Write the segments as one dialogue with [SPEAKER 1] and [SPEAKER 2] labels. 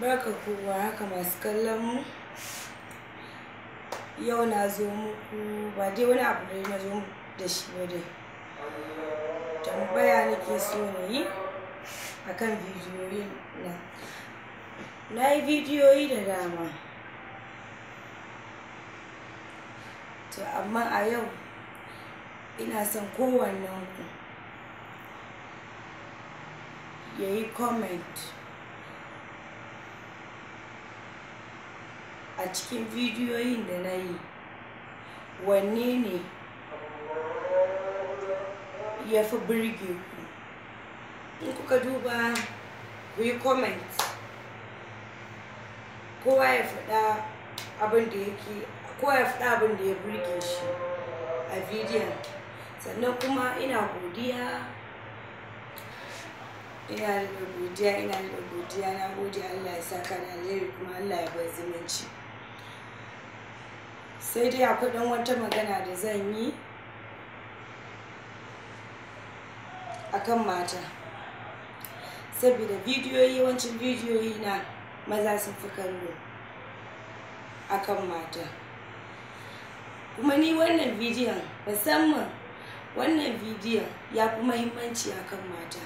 [SPEAKER 1] barka kowa haka masu kallon mu yau na zo muku ba dai wani abu da na zo da shi ba dai tambaya nake so ne yi a kan bidiyoyi na na yi bidiyoyi da dama to amma a yau ina son kowannen ku ya yi comment a cikin bidiyoyin da na yi wanne ne ya fi birge ku in kuka duba ku yi comment kowa ya faɗa abin da yake kowa ya faɗa abin da ya birge shi a bidiyon sannan kuma ina godiya ina da godiya ina da godiya na gode Allah ya saka na alheri kuma Allah ya bar zumunci sai dai akwai ɗan wata magana da zan yi a kan mata saboda bidiyoyi yawancin bidiyoyi na maza sun fi kallo a kan mata kuma ni wannan bidiyon musamman wannan bidiyon ya fi mahimmanci kan mata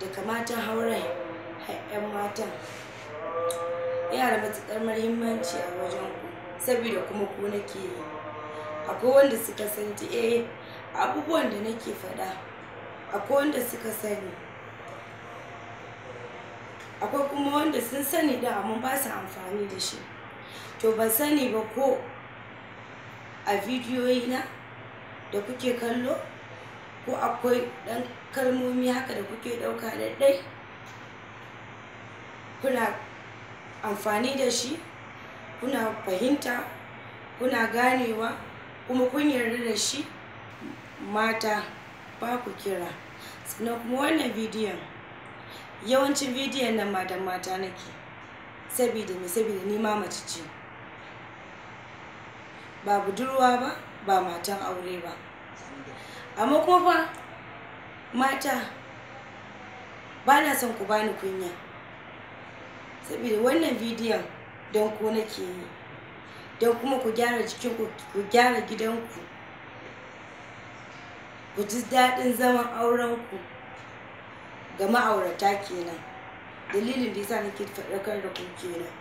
[SPEAKER 1] da kamata hauren 'yan matan yana da matuƙar muhimmanci a wajen ku saboda kuma ku nake yi akwai wanda suka san ji eh abubuwan da nake faɗa akwai wanda suka sani akwai kuma wanda sun sani da amma ba su amfani da shi to ban sani ba ko a na da kuke kallo ko akwai ɗan kalmomi haka da kuke ɗauka da ɗai kuna amfani da shi kuna fahimta kuna ganewa kuma kun yarda da shi mata ba ku kira sannan kuma wannan bidiyon yawancin bidiyon nan mata mata nake saboda mai saboda ni ma mace ce ba budurwa ba ba matan aure ba amma kuma fa mata ba na son ku bani kunya saboda wannan bidiyon don ku nake yi don kuma ku gyara jikinku ku gyara gidanku ku ji daɗin zaman aurenku ga ma'aurata kenan dalilin da yasa nake faɗakar da ku kenan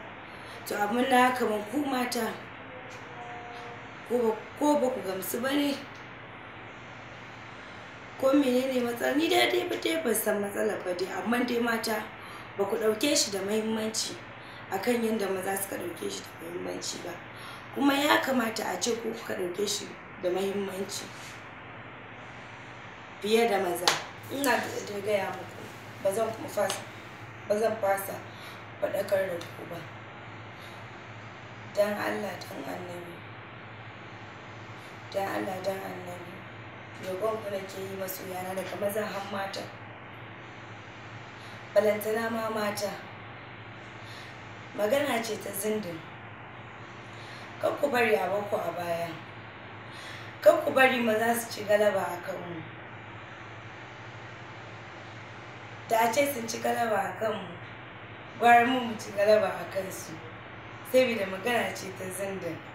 [SPEAKER 1] to amma na ma ku mata ko ba ku gamsu ba ne ko menene matsala ni dai dai ba dai ban san matsala ba dai amma dai mata ba ku ɗauke shi da mahimmanci kan yadda maza suka ɗauke shi da mahimmanci ba kuma ya kamata a ce ku kuka ɗauke shi da mahimmanci fiye da maza ina da gaya muku ba zan kuma fasa ba zan fasa faɗakar da ku ba don allah don annabi don allah don annabi roƙon ku ke yi masoyana daga mazan har mata balantana ma mata magana ce ta zindin kan ku bari a bako a baya kan ku bari maza su ci galaba a kanmu da a ce sun ci galaba a kanmu gwara mu mu ci galaba a kansu saboda magana ce ta zindin